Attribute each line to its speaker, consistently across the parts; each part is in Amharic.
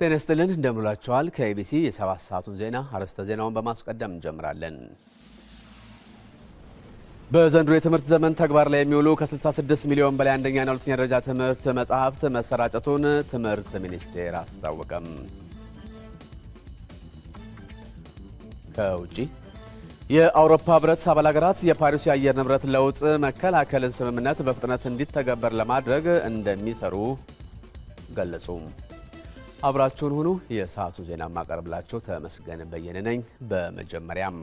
Speaker 1: ጤና ይስጥልን እንደምንላችኋል። ከኢቢሲ የሰባት ሰዓቱን ዜና አርዕስተ ዜናውን በማስቀደም እንጀምራለን። በዘንድሮ የትምህርት ዘመን ተግባር ላይ የሚውሉ ከ66 ሚሊዮን በላይ አንደኛና ሁለተኛ ደረጃ ትምህርት መጽሐፍት መሰራጨቱን ትምህርት ሚኒስቴር አስታወቀም። ከውጪ የአውሮፓ ህብረት አባል ሀገራት የፓሪስ የአየር ንብረት ለውጥ መከላከልን ስምምነት በፍጥነት እንዲተገበር ለማድረግ እንደሚሰሩ ገለጹም። አብራችሁን ሁኑ። የሰዓቱ ዜና ማቀርብላችሁ ተመስገን በየነ ነኝ። በመጀመሪያም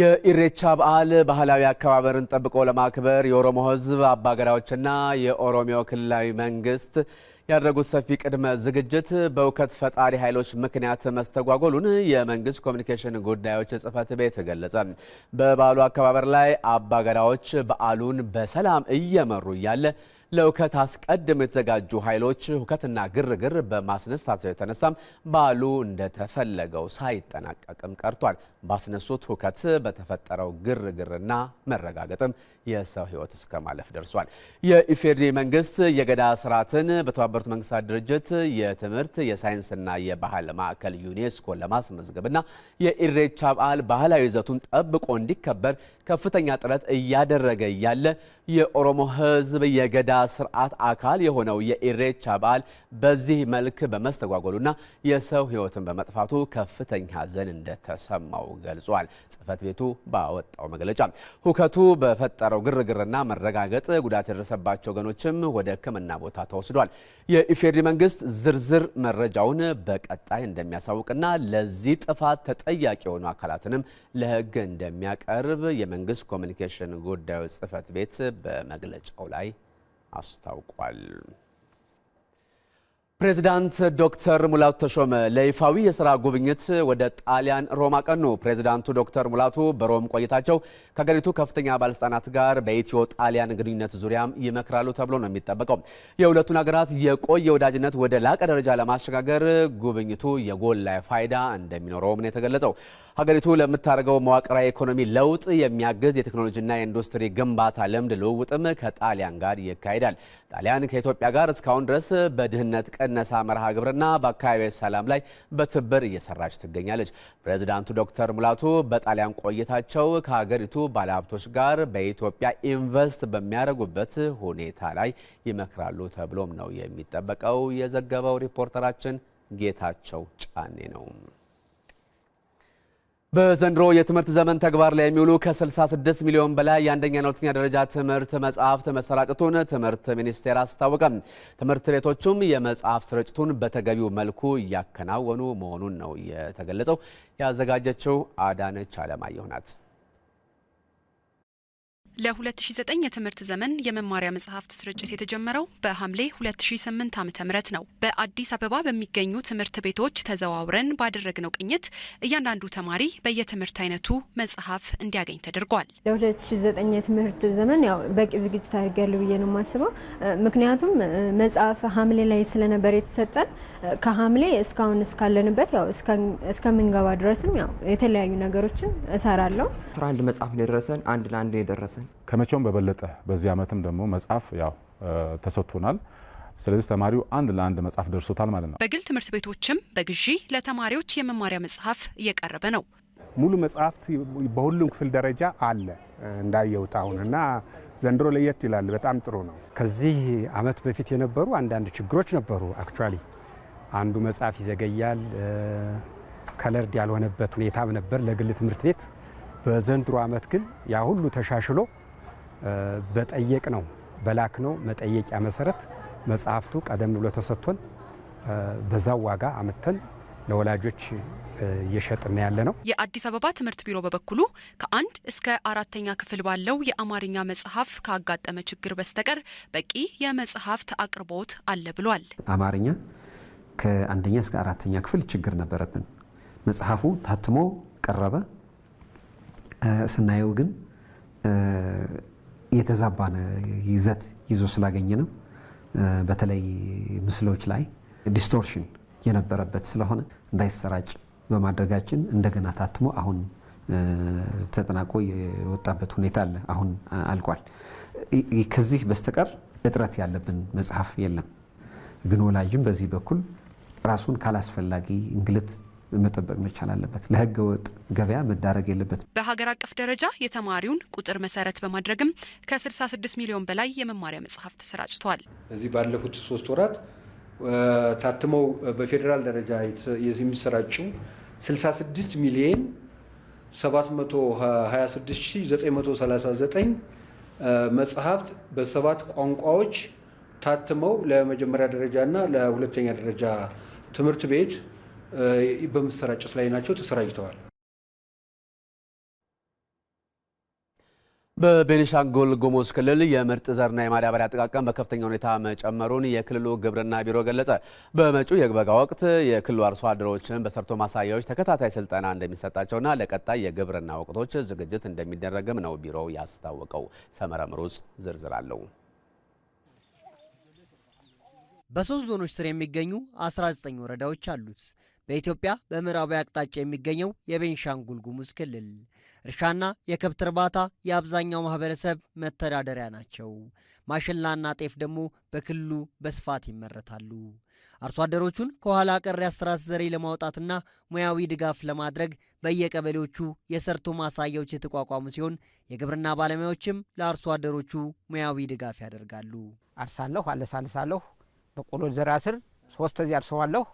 Speaker 1: የኢሬቻ በዓል ባህላዊ አከባበርን ጠብቆ ለማክበር የኦሮሞ ሕዝብ አባገዳዎችና የኦሮሚያ ክልላዊ መንግስት ያደረጉት ሰፊ ቅድመ ዝግጅት በእውከት ፈጣሪ ኃይሎች ምክንያት መስተጓጎሉን የመንግስት ኮሚኒኬሽን ጉዳዮች ጽህፈት ቤት ገለጸ። በበዓሉ አከባበር ላይ አባገዳዎች በዓሉን በሰላም እየመሩ እያለ ለእውከት አስቀድም የተዘጋጁ ኃይሎች ውከትና ግርግር በማስነሳት የተነሳም በዓሉ እንደተፈለገው ሳይጠናቀቅም ቀርቷል። ባስነሱት ውከት በተፈጠረው ግርግርና መረጋገጥም የሰው ሕይወት እስከ ማለፍ ደርሷል። የኢፌዴሪ መንግስት የገዳ ስርዓትን በተባበሩት መንግስታት ድርጅት የትምህርት የሳይንስና የባህል ማዕከል ዩኔስኮ ለማስመዝገብና የኢሬቻ በዓል ባህላዊ ይዘቱን ጠብቆ እንዲከበር ከፍተኛ ጥረት እያደረገ እያለ የኦሮሞ ሕዝብ የገዳ ስርዓት አካል የሆነው የኢሬቻ በዓል በዚህ መልክ በመስተጓጎሉና የሰው ሕይወትን በመጥፋቱ ከፍተኛ ሐዘን እንደተሰማው ገልጿል። ጽህፈት ቤቱ ባወጣው መግለጫ ሁከቱ በፈጠረው ግርግርና መረጋገጥ ጉዳት የደረሰባቸው ወገኖችም ወደ ሕክምና ቦታ ተወስዷል። የኢፌዴሪ መንግስት ዝርዝር መረጃውን በቀጣይ እንደሚያሳውቅና ለዚህ ጥፋት ተጠያቂ የሆኑ አካላትንም ለሕግ እንደሚያቀርብ የመንግስት ኮሚኒኬሽን ጉዳዮች ጽህፈት ቤት በመግለጫው ላይ አስታውቋል። ፕሬዚዳንት ዶክተር ሙላቱ ተሾመ ለይፋዊ የስራ ጉብኝት ወደ ጣሊያን ሮም አቀኑ። ፕሬዚዳንቱ ዶክተር ሙላቱ በሮም ቆይታቸው ከሀገሪቱ ከፍተኛ ባለስልጣናት ጋር በኢትዮ ጣሊያን ግንኙነት ዙሪያም ይመክራሉ ተብሎ ነው የሚጠበቀው። የሁለቱን ሀገራት የቆየ ወዳጅነት ወደ ላቀ ደረጃ ለማሸጋገር ጉብኝቱ የጎላ ፋይዳ እንደሚኖረውም ነው የተገለጸው። ሀገሪቱ ለምታደርገው መዋቅራዊ ኢኮኖሚ ለውጥ የሚያግዝ የቴክኖሎጂና የኢንዱስትሪ ግንባታ ልምድ ልውውጥም ከጣሊያን ጋር ይካሄዳል። ጣሊያን ከኢትዮጵያ ጋር እስካሁን ድረስ በድህነት ቅነሳ መርሃ ግብርና በአካባቢ ሰላም ላይ በትብብር እየሰራች ትገኛለች። ፕሬዚዳንቱ ዶክተር ሙላቱ በጣሊያን ቆይታቸው ከሀገሪቱ ባለሀብቶች ጋር በኢትዮጵያ ኢንቨስት በሚያደርጉበት ሁኔታ ላይ ይመክራሉ ተብሎም ነው የሚጠበቀው። የዘገበው ሪፖርተራችን ጌታቸው ጫኔ ነው። በዘንድሮ የትምህርት ዘመን ተግባር ላይ የሚውሉ ከ66 ሚሊዮን በላይ የአንደኛና ሁለተኛ ደረጃ ትምህርት መጽሐፍት መሰራጨቱን ትምህርት ሚኒስቴር አስታወቀም። ትምህርት ቤቶቹም የመጽሐፍ ስርጭቱን በተገቢው መልኩ እያከናወኑ መሆኑን ነው የተገለጸው። ያዘጋጀችው አዳነች አለማየሁ ናት።
Speaker 2: ለ2009 የትምህርት ዘመን የመማሪያ መጽሐፍት ስርጭት የተጀመረው በሐምሌ 2008 ዓ ም ነው። በአዲስ አበባ በሚገኙ ትምህርት ቤቶች ተዘዋውረን ባደረግነው ቅኝት እያንዳንዱ ተማሪ በየትምህርት አይነቱ መጽሐፍ እንዲያገኝ ተደርጓል።
Speaker 3: ለ2009 የትምህርት ዘመን ያው በቂ ዝግጅት አድርጊያለሁ ብዬ ነው የማስበው። ምክንያቱም መጽሐፍ ሐምሌ ላይ ስለነበር የተሰጠን ከሐምሌ እስካሁን እስካለንበት ያው እስከምንገባ ድረስም ያው የተለያዩ ነገሮችን እሰራለሁ።
Speaker 4: አንድ መጽሐፍ ነው የደረሰን፣ አንድ ለአንድ የደረሰን
Speaker 5: ከመቼውም በበለጠ በዚህ ዓመትም ደግሞ መጽሐፍ ያው ተሰጥቶናል። ስለዚህ ተማሪው አንድ ለአንድ መጽሐፍ ደርሶታል ማለት ነው።
Speaker 2: በግል ትምህርት ቤቶችም በግዢ ለተማሪዎች የመማሪያ መጽሐፍ እየቀረበ ነው።
Speaker 6: ሙሉ መጽሐፍት በሁሉም ክፍል ደረጃ አለ እንዳየውት አሁን እና ዘንድሮ ለየት ይላል። በጣም ጥሩ ነው።
Speaker 7: ከዚህ ዓመት በፊት የነበሩ አንዳንድ ችግሮች ነበሩ። አክቹዋሊ አንዱ መጽሐፍ ይዘገያል። ከለርድ ያልሆነበት ሁኔታም ነበር ለግል ትምህርት ቤት በዘንድሮ ዓመት ግን ያ ሁሉ ተሻሽሎ በጠየቅ ነው በላክ ነው መጠየቂያ መሰረት መጽሐፍቱ ቀደም ብሎ ተሰጥቶን በዛው ዋጋ አምተን ለወላጆች እየሸጥን ያለ ነው።
Speaker 2: የአዲስ አበባ ትምህርት ቢሮ በበኩሉ ከአንድ እስከ አራተኛ ክፍል ባለው የአማርኛ መጽሐፍ ካጋጠመ ችግር በስተቀር በቂ የመጽሐፍት አቅርቦት አለ ብሏል።
Speaker 8: አማርኛ ከአንደኛ እስከ አራተኛ ክፍል ችግር ነበረብን። መጽሐፉ ታትሞ ቀረበ። ስናየው ግን የተዛባነ ይዘት ይዞ ስላገኘ ነው። በተለይ ምስሎች ላይ ዲስቶርሽን የነበረበት ስለሆነ እንዳይሰራጭ በማድረጋችን እንደገና ታትሞ አሁን ተጠናቆ የወጣበት ሁኔታ አለ። አሁን አልቋል። ከዚህ በስተቀር እጥረት ያለብን መጽሐፍ የለም። ግን ወላጅም በዚህ በኩል ራሱን ካላስፈላጊ እንግልት መጠበቅ መቻል አለበት። ለህገ ወጥ ገበያ መዳረግ የለበትም።
Speaker 2: በሀገር አቀፍ ደረጃ የተማሪውን ቁጥር መሰረት በማድረግም ከ66 ሚሊዮን በላይ የመማሪያ መጽሐፍ ተሰራጭተዋል።
Speaker 9: እዚህ ባለፉት ሶስት ወራት ታትመው በፌዴራል ደረጃ የሚሰራጩ 66 ሚሊየን 726939 መጽሐፍት በሰባት ቋንቋዎች ታትመው ለመጀመሪያ ደረጃ እና ለሁለተኛ ደረጃ ትምህርት ቤት በመሰራጨት ላይ ናቸው፣ ተሰራጅተዋል።
Speaker 1: በቤኒሻንጉል ጉሙዝ ክልል የምርጥ ዘርና የማዳበሪያ አጠቃቀም በከፍተኛ ሁኔታ መጨመሩን የክልሉ ግብርና ቢሮ ገለጸ። በመጪው የበጋ ወቅት የክልሉ አርሶ አደሮችን በሰርቶ ማሳያዎች ተከታታይ ስልጠና እንደሚሰጣቸውና ለቀጣይ የግብርና ወቅቶች ዝግጅት እንደሚደረግም ነው ቢሮው ያስታወቀው። ሰመረ ምሩጽ ዝርዝር አለው። በሶስት ዞኖች ስር የሚገኙ 19 ወረዳዎች አሉት በኢትዮጵያ በምዕራቡ አቅጣጫ የሚገኘው የቤንሻንጉል ጉሙዝ ክልል እርሻና የከብት እርባታ የአብዛኛው ማህበረሰብ መተዳደሪያ ናቸው። ማሽላና ጤፍ ደግሞ በክልሉ በስፋት ይመረታሉ። አርሶ አደሮቹን ከኋላ ቀር አስተራረስ ዘሬ ለማውጣትና ሙያዊ ድጋፍ ለማድረግ በየቀበሌዎቹ የሰርቶ ማሳያዎች የተቋቋሙ ሲሆን የግብርና ባለሙያዎችም ለአርሶ አደሮቹ ሙያዊ ድጋፍ ያደርጋሉ።
Speaker 10: አርሳለሁ፣ አለሳልሳለሁ፣ በቆሎ ዘራ ስር ሶስት እዚህ አርሰዋለሁ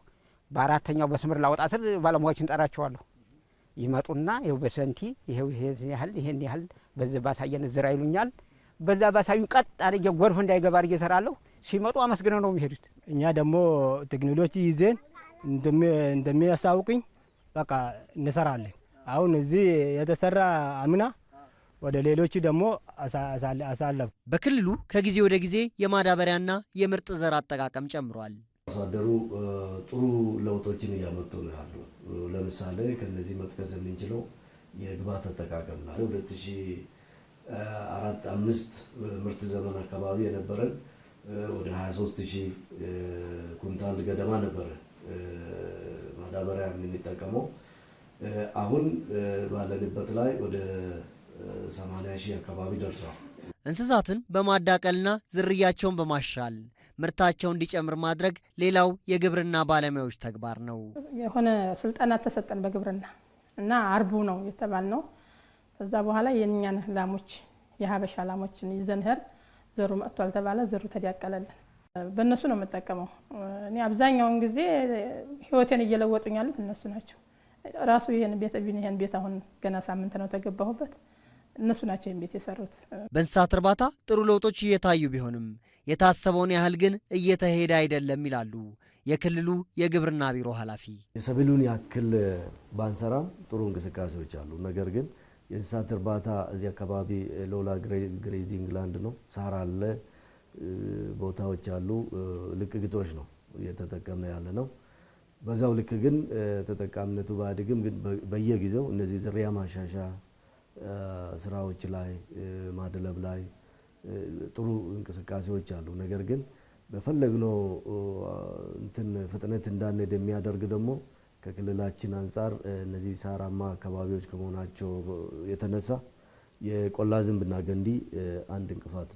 Speaker 10: በአራተኛው በስምር ላወጣ ስል ባለሙያዎችን ጠራቸዋለሁ። ይመጡና ይኸው በሰንቲ ይኸው ያህል ይህን ያህል በዚ ባሳየን ዝራ ይሉኛል። በዛ ባሳዩ ቀጥ አድርጌ ጎርፍ እንዳይገባ አድርጌ እሰራለሁ። ሲመጡ አመስግነ ነው የሚሄዱት።
Speaker 11: እኛ ደግሞ ቴክኖሎጂ ይዜን እንደሚያሳውቅኝ በቃ እንሰራለን። አሁን እዚህ የተሰራ አምና ወደ ሌሎቹ ደግሞ አሳለፍ።
Speaker 1: በክልሉ ከጊዜ ወደ ጊዜ የማዳበሪያና የምርጥ ዘር አጠቃቀም ጨምሯል።
Speaker 12: አሳደሩ ጥሩ ለውጦችን እያመጡ ነው ያሉ። ለምሳሌ ከነዚህ መጥቀስ የምንችለው የግብዓት አጠቃቀም ላይ ሁለት ሺህ አምስት ምርት ዘመን አካባቢ የነበረን ወደ 23 ሺህ ኩንታል ገደማ ነበረ ማዳበሪያ የምንጠቀመው። አሁን ባለንበት ላይ ወደ 80 ሺህ አካባቢ ደርሷል።
Speaker 1: እንስሳትን በማዳቀልና ዝርያቸውን በማሻል ምርታቸው እንዲጨምር ማድረግ ሌላው የግብርና ባለሙያዎች ተግባር ነው።
Speaker 13: የሆነ ስልጠና ተሰጠን በግብርና እና አርቡ ነው የተባል ነው። ከዛ በኋላ የእኛን ላሞች የሀበሻ ላሞችን ይዘን ሄር ዘሩ መጥቷል ተባለ። ዘሩ ተዲያቀለልን በእነሱ ነው የምጠቀመው እኔ አብዛኛውን ጊዜ ህይወቴን እየለወጡኝ ያሉት እነሱ ናቸው። ራሱ ይህን ቤት ይህን ቤት አሁን ገና ሳምንት ነው ተገባሁበት። እነሱ ናቸው ቤት የሰሩት።
Speaker 1: በእንስሳት እርባታ ጥሩ ለውጦች እየታዩ ቢሆንም የታሰበውን ያህል ግን እየተሄደ አይደለም ይላሉ የክልሉ የግብርና ቢሮ ኃላፊ።
Speaker 14: የሰብሉን ያክል ባንሰራም ጥሩ እንቅስቃሴዎች አሉ። ነገር ግን የእንስሳት እርባታ እዚህ አካባቢ ሎላ ግሬዚንግ ላንድ ነው፣ ሳር አለ፣ ቦታዎች አሉ፣ ልቅግጦች ነው እየተጠቀመ ያለ ነው። በዛው ልክ ግን ተጠቃሚነቱ በአድግም ግን በየጊዜው እነዚህ ዝርያ ማሻሻ ስራዎች ላይ ማድለብ ላይ ጥሩ እንቅስቃሴዎች አሉ። ነገር ግን በፈለግነው እንትን ፍጥነት እንዳንሄድ የሚያደርግ ደግሞ ከክልላችን አንጻር እነዚህ ሳራማ አካባቢዎች ከመሆናቸው የተነሳ የቆላ ዝንብና ገንዲ አንድ እንቅፋት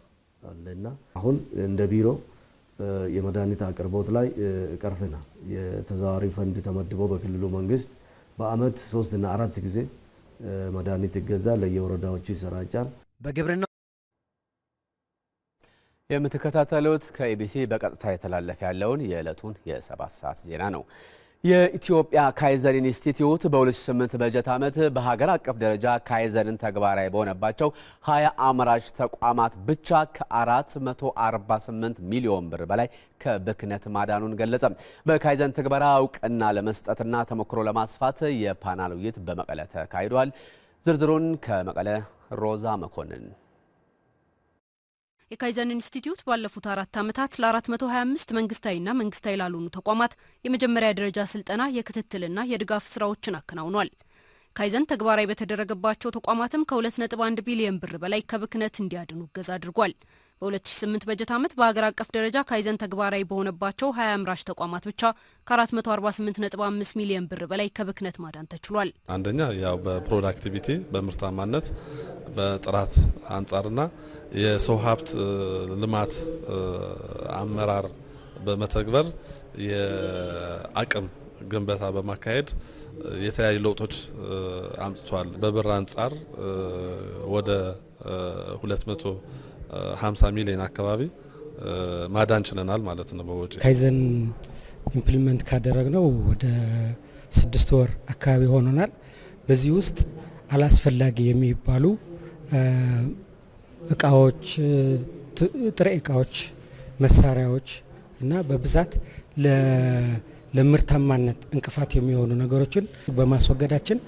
Speaker 14: አለና አሁን እንደ ቢሮ የመድኃኒት አቅርቦት ላይ ቀርፍና የተዘዋዋሪ ፈንድ ተመድቦ በክልሉ መንግስት በአመት ሶስትና አራት ጊዜ መድኃኒት ይገዛል፣ ለየወረዳዎቹ ይሰራጫል።
Speaker 1: በግብርና የምትከታተሉት ከኢቢሲ በቀጥታ የተላለፈ ያለውን የዕለቱን የሰባት ሰዓት ዜና ነው። የኢትዮጵያ ካይዘር ኢንስቲትዩት በ2008 በጀት ዓመት በሀገር አቀፍ ደረጃ ካይዘርን ተግባራዊ በሆነባቸው 20 አምራች ተቋማት ብቻ ከ448 ሚሊዮን ብር በላይ ከብክነት ማዳኑን ገለጸ። በካይዘን ትግበራ እውቅና ለመስጠትና ተሞክሮ ለማስፋት የፓናል ውይይት በመቀለ ተካሂዷል። ዝርዝሩን ከመቀለ ሮዛ መኮንን
Speaker 2: የካይዘን ኢንስቲትዩት ባለፉት አራት ዓመታት ለ425 መንግስታዊና መንግስታዊ ላልሆኑ ተቋማት የመጀመሪያ ደረጃ ስልጠና የክትትልና የድጋፍ ስራዎችን አከናውኗል። ካይዘን ተግባራዊ በተደረገባቸው ተቋማትም ከ2.1 ቢሊየን ብር በላይ ከብክነት እንዲያድኑ እገዛ አድርጓል። በ2008 በጀት ዓመት በሀገር አቀፍ ደረጃ ካይዘን ተግባራዊ በሆነባቸው 20 አምራች ተቋማት ብቻ ከ448.5 ሚሊዮን ብር በላይ ከብክነት ማዳን ተችሏል።
Speaker 15: አንደኛ ያው በፕሮዳክቲቪቲ በምርታማነት በጥራት አንጻርና የሰው ሀብት ልማት አመራር በመተግበር የአቅም ግንበታ በማካሄድ የተለያዩ ለውጦች አምጥቷል። በብር አንጻር ወደ 250 ሚሊዮን አካባቢ ማዳን ችለናል ማለት ነው። በወጪ
Speaker 16: ካይዘን ኢምፕሊመንት ካደረግ ነው ወደ ስድስት ወር አካባቢ ሆኖናል። በዚህ ውስጥ አላስፈላጊ የሚባሉ እቃዎች፣ ጥሬ እቃዎች፣ መሳሪያዎች እና በብዛት ለምርታማነት እንቅፋት የሚሆኑ ነገሮችን በማስወገዳችን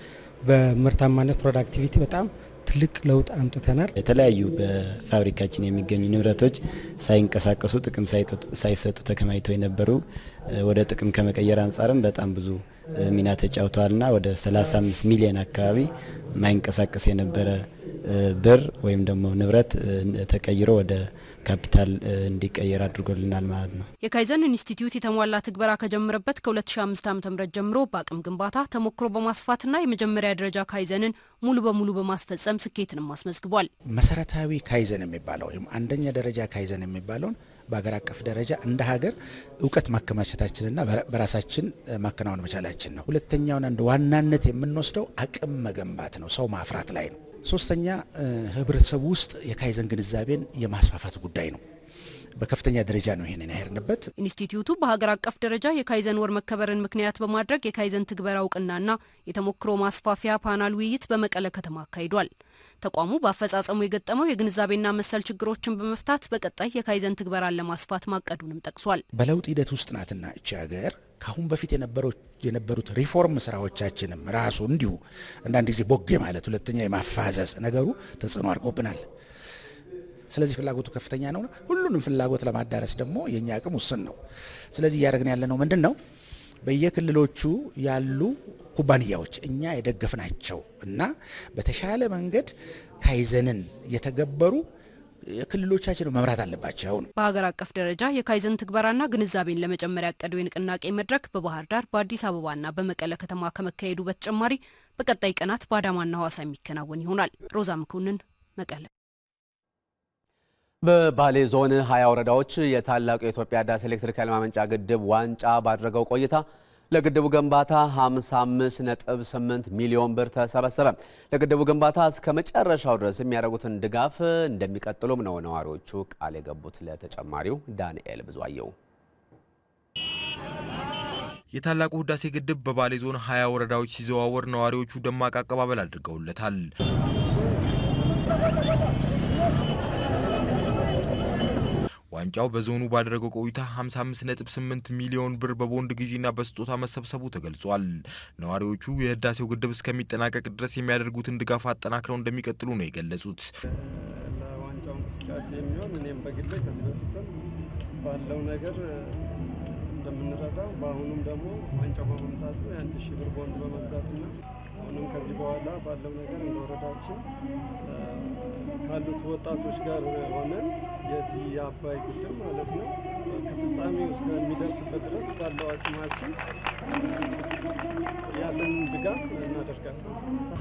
Speaker 16: በምርታማነት ፕሮዳክቲቪቲ በጣም ትልቅ ለውጥ አምጥተናል።
Speaker 17: የተለያዩ በፋብሪካችን የሚገኙ ንብረቶች ሳይንቀሳቀሱ ጥቅም ሳይሰጡ ተከማኝተው የነበሩ ወደ ጥቅም ከመቀየር አንጻርም በጣም ብዙ ሚና ተጫውተዋልና ወደ 35 ሚሊዮን አካባቢ ማይንቀሳቀስ የነበረ ብር ወይም ደግሞ ንብረት ተቀይሮ ወደ ካፒታል እንዲቀየር አድርጎልናል ማለት ነው።
Speaker 2: የካይዘን ኢንስቲትዩት የተሟላ ትግበራ ከጀመረበት ከ2005 ዓ.ም ጀምሮ በአቅም ግንባታ ተሞክሮ በማስፋትና የመጀመሪያ ደረጃ ካይዘንን ሙሉ በሙሉ በማስፈጸም ስኬትንም አስመዝግቧል።
Speaker 18: መሰረታዊ ካይዘን የሚባለው ወይም አንደኛ ደረጃ ካይዘን የሚባለውን በሀገር አቀፍ ደረጃ እንደ ሀገር እውቀት ማከማቸታችንና በራሳችን ማከናወን መቻላችን ነው። ሁለተኛውን አንድ ዋናነት የምንወስደው አቅም መገንባት ነው፣ ሰው ማፍራት ላይ ነው። ሶስተኛ ህብረተሰቡ ውስጥ የካይዘን ግንዛቤን የማስፋፋት ጉዳይ ነው። በከፍተኛ ደረጃ ነው ይሄንን ያሄድንበት።
Speaker 2: ኢንስቲትዩቱ በሀገር አቀፍ ደረጃ የካይዘን ወር መከበርን ምክንያት በማድረግ የካይዘን ትግበራ እውቅናና የተሞክሮ ማስፋፊያ ፓናል ውይይት በመቀለ ከተማ አካሂዷል። ተቋሙ በአፈጻጸሙ የገጠመው የግንዛቤና መሰል ችግሮችን በመፍታት በቀጣይ የካይዘን ትግበራን ለማስፋት ማቀዱንም ጠቅሷል።
Speaker 18: በለውጥ ሂደት ውስጥ ናትና እቺ ሀገር ከአሁን በፊት የነበሩት ሪፎርም ስራዎቻችንም ራሱ እንዲሁ አንዳንድ ጊዜ ቦጌ ማለት ሁለተኛ የማፋዘዝ ነገሩ ተጽዕኖ አድርጎብናል። ስለዚህ ፍላጎቱ ከፍተኛ ነው። ሁሉንም ፍላጎት ለማዳረስ ደግሞ የእኛ አቅም ውስን ነው። ስለዚህ እያደረግን ያለነው ምንድን ነው በየክልሎቹ ያሉ ኩባንያዎች እኛ የደገፍናቸው እና በተሻለ መንገድ ካይዘንን የተገበሩ ክልሎቻችን መምራት አለባቸው
Speaker 2: በሀገር አቀፍ ደረጃ የካይዘን ትግበራና ግንዛቤን ለመጨመር ያቀደው የንቅናቄ መድረክ በባህር ዳር በአዲስ አበባና በመቀለ ከተማ ከመካሄዱ በተጨማሪ በቀጣይ ቀናት በአዳማና ሐዋሳ የሚከናወን ይሆናል። ሮዛ መኮንን መቀለ።
Speaker 1: በባሌ ዞን ሀያ ወረዳዎች የታላቁ የኢትዮጵያ ህዳሴ ኤሌክትሪክ ኃይል ማመንጫ ግድብ ዋንጫ ባደረገው ቆይታ ለግድቡ ግንባታ 55.8 ሚሊዮን ብር ተሰበሰበ። ለግድቡ ግንባታ እስከ መጨረሻው ድረስ የሚያደርጉትን ድጋፍ እንደሚቀጥሉም ነው ነዋሪዎቹ ቃል የገቡት። ለተጨማሪው ዳንኤል ብዙአየው የታላቁ ህዳሴ ግድብ በባሌ ዞን 20 ወረዳዎች ሲዘዋወር ነዋሪዎቹ ደማቅ አቀባበል አድርገውለታል። ዋንጫው በዞኑ ባደረገው ቆይታ 55.8 ሚሊዮን ብር በቦንድ ግዢና በስጦታ መሰብሰቡ ተገልጿል። ነዋሪዎቹ የህዳሴው ግድብ እስከሚጠናቀቅ ድረስ የሚያደርጉትን ድጋፍ አጠናክረው እንደሚቀጥሉ ነው የገለጹት።
Speaker 19: ለዋንጫው እንቅስቃሴ የሚሆን እኔም በግሌ ከዚህ በፊትም ባለው ነገር እንደምንረዳው በአሁኑም ደግሞ ዋንጫው በመምጣቱ የአንድ ሺህ ብር ቦንድ በመግዛትና አሁንም ከዚህ በኋላ ባለው ነገር እንደ ወረዳችን ካሉት ወጣቶች ጋር ሆነን የዚህ የአባይ ግድብ ማለት ነው ከፍጻሜ እስከሚደርስበት ድረስ ባለው አቅማችን ያለን ድጋፍ እናደርጋለን።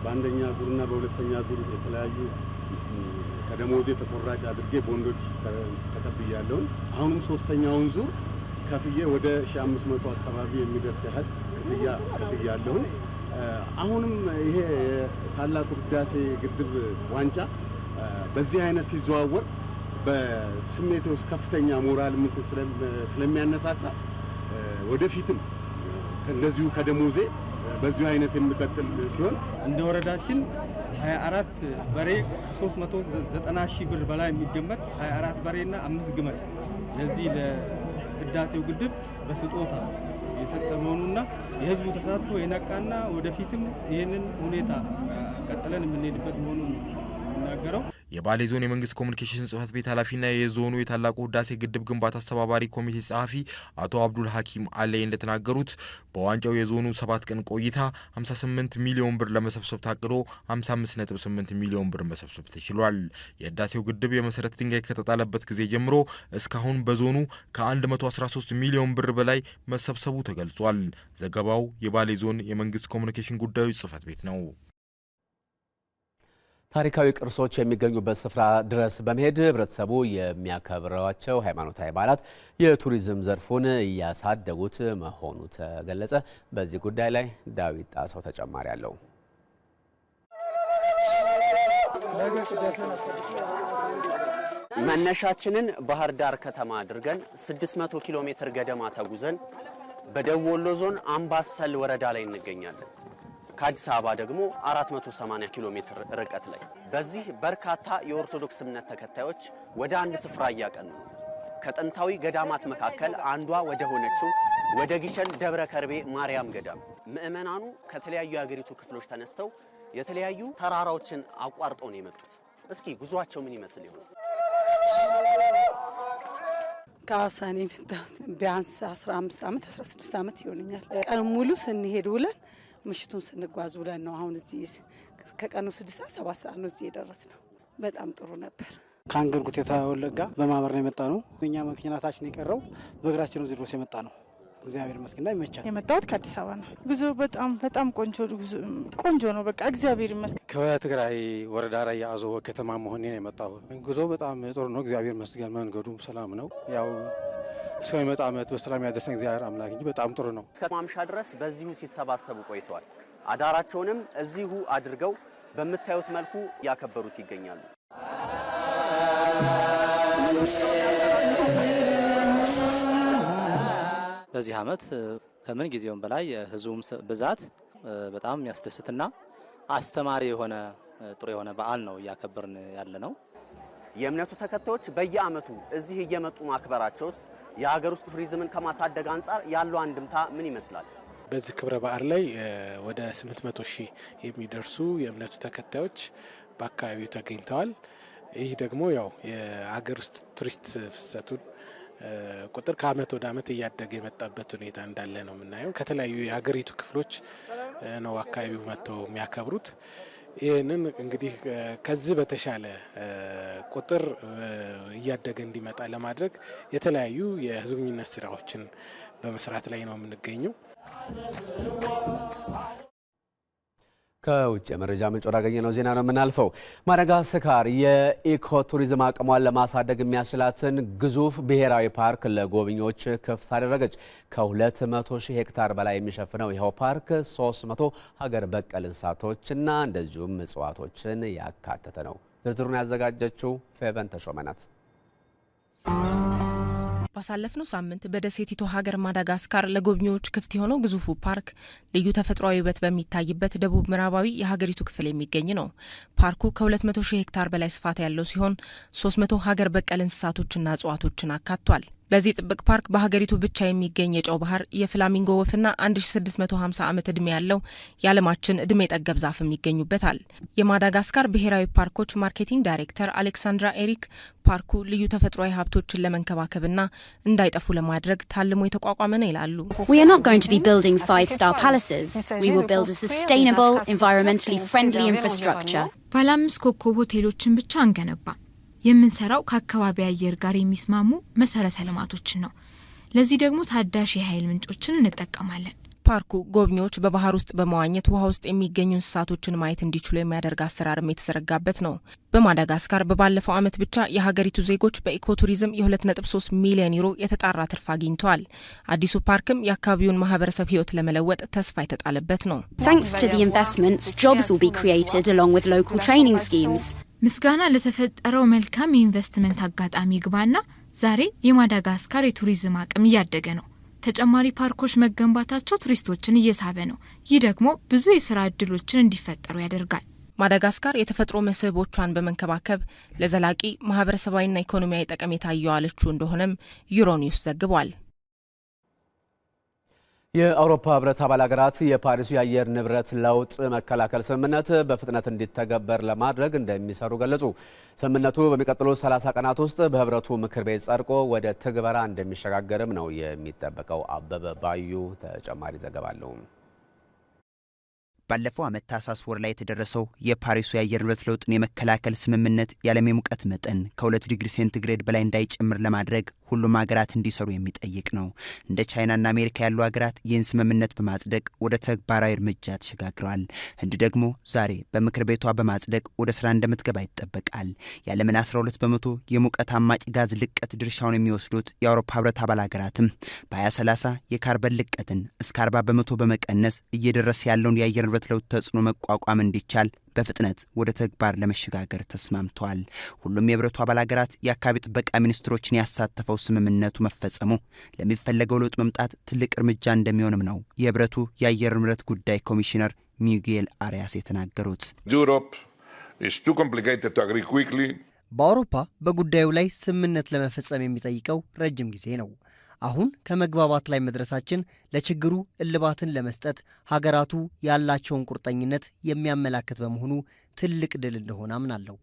Speaker 20: በአንደኛ ዙር እና በሁለተኛ ዙር የተለያዩ ከደሞዜ ተቆራጭ አድርጌ ቦንዶች ተቀብያለሁኝ። አሁንም ሶስተኛውን ዙር ከፍዬ ወደ 1500 አካባቢ የሚደርስ ያህል ክፍያ ከፍያለሁኝ። አሁንም ይሄ ታላቁ ህዳሴ ግድብ ዋንጫ በዚህ አይነት ሲዘዋወር በስሜት ውስጥ ከፍተኛ ሞራል ምት ስለሚያነሳሳ ወደፊትም እንደዚሁ ከደሞዜ በዚሁ አይነት የሚቀጥል ሲሆን
Speaker 21: እንደ ወረዳችን 24 በሬ 390 ሺህ ብር በላይ የሚገመት 24 በሬና አምስት ግመል ለዚህ ህዳሴው ግድብ በስጦታ የሰጠ መሆኑና የህዝቡ ተሳትፎ የነቃና ወደፊትም ይህንን ሁኔታ ቀጥለን የምንሄድበት መሆኑን ነው
Speaker 1: የምናገረው። የባሌ ዞን የመንግስት ኮሚኒኬሽን ጽህፈት ቤት ኃላፊና የዞኑ የታላቁ ህዳሴ ግድብ ግንባታ አስተባባሪ ኮሚቴ ጸሐፊ አቶ አብዱል ሀኪም አለይ እንደተናገሩት በዋንጫው የዞኑ ሰባት ቀን ቆይታ 58 ሚሊዮን ብር ለመሰብሰብ ታቅዶ 55.8 ሚሊዮን ብር መሰብሰብ ተችሏል። የህዳሴው ግድብ የመሰረት ድንጋይ ከተጣለበት ጊዜ ጀምሮ እስካሁን በዞኑ ከ113 ሚሊዮን ብር በላይ መሰብሰቡ ተገልጿል። ዘገባው የባሌ ዞን የመንግስት ኮሚኒኬሽን ጉዳዮች ጽህፈት ቤት ነው። ታሪካዊ ቅርሶች የሚገኙበት ስፍራ ድረስ በመሄድ ህብረተሰቡ የሚያከብሯቸው ሃይማኖታዊ በዓላት የቱሪዝም ዘርፉን እያሳደጉት መሆኑ ተገለጸ። በዚህ ጉዳይ ላይ ዳዊት ጣሰው ተጨማሪ አለው።
Speaker 22: መነሻችንን ባህር ዳር ከተማ አድርገን 600 ኪሎ ሜትር ገደማ ተጉዘን በደቡብ ወሎ ዞን አምባሰል ወረዳ ላይ እንገኛለን። ከአዲስ አበባ ደግሞ 480 ኪሎ ሜትር ርቀት ላይ። በዚህ በርካታ የኦርቶዶክስ እምነት ተከታዮች ወደ አንድ ስፍራ እያቀኑ ነው። ከጥንታዊ ገዳማት መካከል አንዷ ወደ ሆነችው ወደ ጊሸን ደብረ ከርቤ ማርያም ገዳም ምእመናኑ ከተለያዩ የአገሪቱ ክፍሎች ተነስተው የተለያዩ ተራራዎችን አቋርጠው ነው የመጡት። እስኪ ጉዟቸው ምን ይመስል ይሆን?
Speaker 23: ከአዋሳ ነው የመጣሁት። ቢያንስ 15 ዓመት 16 ዓመት ይሆነኛል። ቀን ሙሉ ስንሄድ ውለን ምሽቱን ስንጓዝ ብለን ነው። አሁን እዚህ ከቀኑ ስድስት ሰዓት ሰባት ሰዓት ነው እዚህ የደረስ ነው። በጣም ጥሩ ነበር።
Speaker 24: ከአንገር ጉቴታ ወለጋ በማህበር ነው የመጣ ነው። እኛ መኪናታችን የቀረው በእግራችን ነው ድረስ የመጣ ነው። እግዚአብሔር ይመስገን ይመቻል።
Speaker 25: የመጣሁት ከአዲስ አበባ ነው። ጉዞ በጣም በጣም ቆንጆ ቆንጆ ነው። በቃ እግዚአብሔር ይመስገን።
Speaker 26: ከትግራይ ወረዳ ራይ አዘቦ ከተማ መሆኔ ነው የመጣሁት። ጉዞ በጣም ጥሩ ነው። እግዚአብሔር ይመስገን። መንገዱ ሰላም ነው ያው የመጣ ዓመት በሰላም ያደርሰን እግዚአብሔር አምላክ እንጂ በጣም ጥሩ ነው።
Speaker 27: እስከ ማምሻ ድረስ በዚሁ ሲሰባሰቡ ቆይተዋል። አዳራቸውንም እዚሁ አድርገው በምታዩት መልኩ ያከበሩት ይገኛሉ።
Speaker 28: በዚህ ዓመት ከምን ጊዜውም በላይ የህዝቡም ብዛት በጣም የሚያስደስትና አስተማሪ የሆነ ጥሩ የሆነ በዓል ነው እያከበርን ያለ ነው።
Speaker 29: የእምነቱ ተከታዮች በየዓመቱ እዚህ እየመጡ ማክበራቸውስ የሀገር ውስጥ ቱሪዝምን ከማሳደግ አንጻር ያለው አንድምታ ምን ይመስላል?
Speaker 30: በዚህ ክብረ በዓል ላይ ወደ 800 ሺህ የሚደርሱ የእምነቱ ተከታዮች በአካባቢው ተገኝተዋል። ይህ ደግሞ ያው የሀገር ውስጥ ቱሪስት ፍሰቱን ቁጥር ከዓመት ወደ ዓመት እያደገ የመጣበት ሁኔታ እንዳለ ነው የምናየው። ከተለያዩ የሀገሪቱ ክፍሎች ነው አካባቢው መጥተው የሚያከብሩት። ይህንን እንግዲህ ከዚህ በተሻለ ቁጥር እያደገ እንዲመጣ ለማድረግ የተለያዩ የህዝብኝነት ስራዎችን በመስራት ላይ ነው የምንገኘው።
Speaker 1: ከውጭ የመረጃ ምንጭ ያገኘነው ዜና ነው የምናልፈው። ማዳጋስካር የኢኮቱሪዝም አቅሟን ለማሳደግ የሚያስችላትን ግዙፍ ብሔራዊ ፓርክ ለጎብኚዎች ክፍት አደረገች። ከ200 ሺህ ሄክታር በላይ የሚሸፍነው ይኸው ፓርክ 300 ሀገር በቀል እንስሳቶችና እንደዚሁም እጽዋቶችን ያካተተ ነው። ዝርዝሩን ያዘጋጀችው ፌቨን ተሾመ
Speaker 2: ባሳለፍነው ሳምንት በደሴቲቱ ሀገር ማዳጋስካር ለጎብኚዎች ክፍት የሆነው ግዙፉ ፓርክ ልዩ ተፈጥሯዊ ውበት በሚታይበት ደቡብ ምዕራባዊ የሀገሪቱ ክፍል የሚገኝ ነው። ፓርኩ ከ200 ሺህ ሄክታር በላይ ስፋት ያለው ሲሆን 300 ሀገር በቀል እንስሳቶችና እጽዋቶችን አካቷል። በዚህ ጥብቅ ፓርክ በሀገሪቱ ብቻ የሚገኝ የጨው ባህር የፍላሚንጎ ወፍና 1650 ዓመት ዕድሜ ያለው የዓለማችን ዕድሜ ጠገብ ዛፍም ይገኙበታል። የማዳጋስካር ብሔራዊ ፓርኮች ማርኬቲንግ ዳይሬክተር አሌክሳንድራ ኤሪክ ፓርኩ ልዩ ተፈጥሯዊ ሀብቶችን ለመንከባከብና እንዳይጠፉ ለማድረግ ታልሞ የተቋቋመ ነው ይላሉ።
Speaker 30: ባለ አምስት ኮከብ ሆቴሎችን ብቻ አንገነባም። የምንሰራው ከአካባቢ አየር ጋር የሚስማሙ መሰረተ ልማቶችን ነው። ለዚህ ደግሞ ታዳሽ የኃይል ምንጮችን እንጠቀማለን።
Speaker 2: ፓርኩ ጎብኚዎች በባህር ውስጥ በመዋኘት ውሃ ውስጥ የሚገኙ እንስሳቶችን ማየት እንዲችሉ የሚያደርግ አሰራርም የተዘረጋበት ነው። በማዳጋስካር በባለፈው ዓመት ብቻ የሀገሪቱ ዜጎች በኢኮቱሪዝም የ2.3 ሚሊዮን ዩሮ የተጣራ ትርፍ አግኝተዋል። አዲሱ ፓርክም የአካባቢውን ማህበረሰብ ሕይወት ለመለወጥ ተስፋ የተጣለበት ነው።
Speaker 30: ምስጋና ለተፈጠረው መልካም የኢንቨስትመንት አጋጣሚ ግባና ዛሬ የማዳጋስካር የቱሪዝም አቅም እያደገ ነው። ተጨማሪ ፓርኮች መገንባታቸው ቱሪስቶችን እየሳበ ነው። ይህ ደግሞ ብዙ የስራ እድሎችን እንዲፈጠሩ ያደርጋል።
Speaker 2: ማዳጋስካር የተፈጥሮ መስህቦቿን በመንከባከብ ለዘላቂ ማህበረሰባዊና ኢኮኖሚያዊ ጠቀሜታ እየዋለችው እንደሆነም ዩሮኒውስ ዘግቧል።
Speaker 1: የአውሮፓ ህብረት አባል ሀገራት የፓሪሱ የአየር ንብረት ለውጥ መከላከል ስምምነት በፍጥነት እንዲተገበር ለማድረግ እንደሚሰሩ ገለጹ። ስምምነቱ በሚቀጥሉት 30 ቀናት ውስጥ በህብረቱ ምክር ቤት ጸድቆ ወደ ትግበራ እንደሚሸጋገርም ነው የሚጠበቀው። አበበ ባዩ ተጨማሪ ዘገባ አለው። ባለፈው ዓመት ታህሳስ ወር ላይ የተደረሰው የፓሪሱ የአየር ንብረት ለውጥን የመከላከል ስምምነት የዓለም የሙቀት መጠን ከሁለት ዲግሪ ሴንቲግሬድ በላይ እንዳይጨምር ለማድረግ ሁሉም ሀገራት እንዲሰሩ የሚጠይቅ ነው። እንደ ቻይናና አሜሪካ ያሉ ሀገራት ይህን ስምምነት በማጽደቅ ወደ ተግባራዊ እርምጃ ተሸጋግረዋል። ህንድ ደግሞ ዛሬ በምክር ቤቷ በማጽደቅ ወደ ስራ እንደምትገባ ይጠበቃል። የዓለምን 12 በመቶ የሙቀት አማጭ ጋዝ ልቀት ድርሻውን የሚወስዱት የአውሮፓ ህብረት አባል ሀገራትም በ2030 የካርበን ልቀትን እስከ 40 በመቶ በመቀነስ እየደረሰ ያለውን የአየር ንብረት የአየር ለውጥ ተጽዕኖ መቋቋም እንዲቻል በፍጥነት ወደ ተግባር ለመሸጋገር ተስማምተዋል። ሁሉም የህብረቱ አባል ሀገራት የአካባቢ ጥበቃ ሚኒስትሮችን ያሳተፈው ስምምነቱ መፈጸሙ ለሚፈለገው ለውጥ መምጣት ትልቅ እርምጃ እንደሚሆንም ነው የህብረቱ የአየር ንብረት ጉዳይ ኮሚሽነር ሚጌል አሪያስ የተናገሩት። በአውሮፓ በጉዳዩ ላይ ስምምነት ለመፈጸም የሚጠይቀው ረጅም ጊዜ ነው። አሁን ከመግባባት ላይ መድረሳችን ለችግሩ እልባትን ለመስጠት ሀገራቱ ያላቸውን ቁርጠኝነት የሚያመላክት በመሆኑ ትልቅ ድል እንደሆነ አምናለሁ።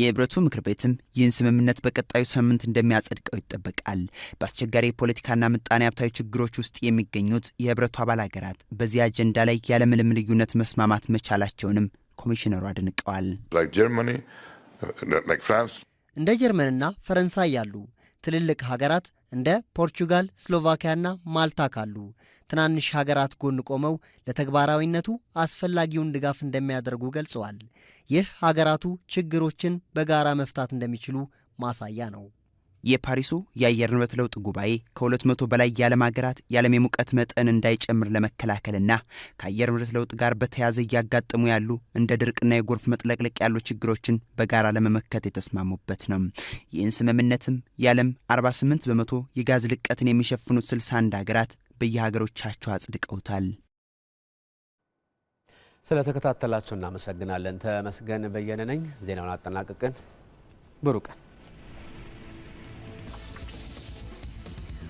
Speaker 1: የህብረቱ ምክር ቤትም ይህን ስምምነት በቀጣዩ ሳምንት እንደሚያጸድቀው ይጠበቃል። በአስቸጋሪ የፖለቲካና ምጣኔ ሀብታዊ ችግሮች ውስጥ የሚገኙት የህብረቱ አባል ሀገራት በዚህ አጀንዳ ላይ ያለምንም ልዩነት መስማማት መቻላቸውንም ኮሚሽነሩ አድንቀዋል። እንደ ጀርመንና ፈረንሳይ ያሉ ትልልቅ ሀገራት እንደ ፖርቹጋል፣ ስሎቫኪያና ማልታ ካሉ ትናንሽ ሀገራት ጎን ቆመው ለተግባራዊነቱ አስፈላጊውን ድጋፍ እንደሚያደርጉ ገልጸዋል። ይህ ሀገራቱ ችግሮችን በጋራ መፍታት እንደሚችሉ ማሳያ ነው። የፓሪሱ የአየር ንብረት ለውጥ ጉባኤ ከ200 በላይ የዓለም ሀገራት የዓለም የሙቀት መጠን እንዳይጨምር ለመከላከልና ከአየር ንብረት ለውጥ ጋር በተያያዘ እያጋጠሙ ያሉ እንደ ድርቅና የጎርፍ መጥለቅለቅ ያሉ ችግሮችን በጋራ ለመመከት የተስማሙበት ነው። ይህን ስምምነትም የዓለም 48 በመቶ የጋዝ ልቀትን የሚሸፍኑት 61 ሀገራት በየሀገሮቻቸው አጽድቀውታል። ስለተከታተላችሁ እናመሰግናለን። ተመስገን በየነ ነኝ። ዜናውን አጠናቅቅን ብሩቀን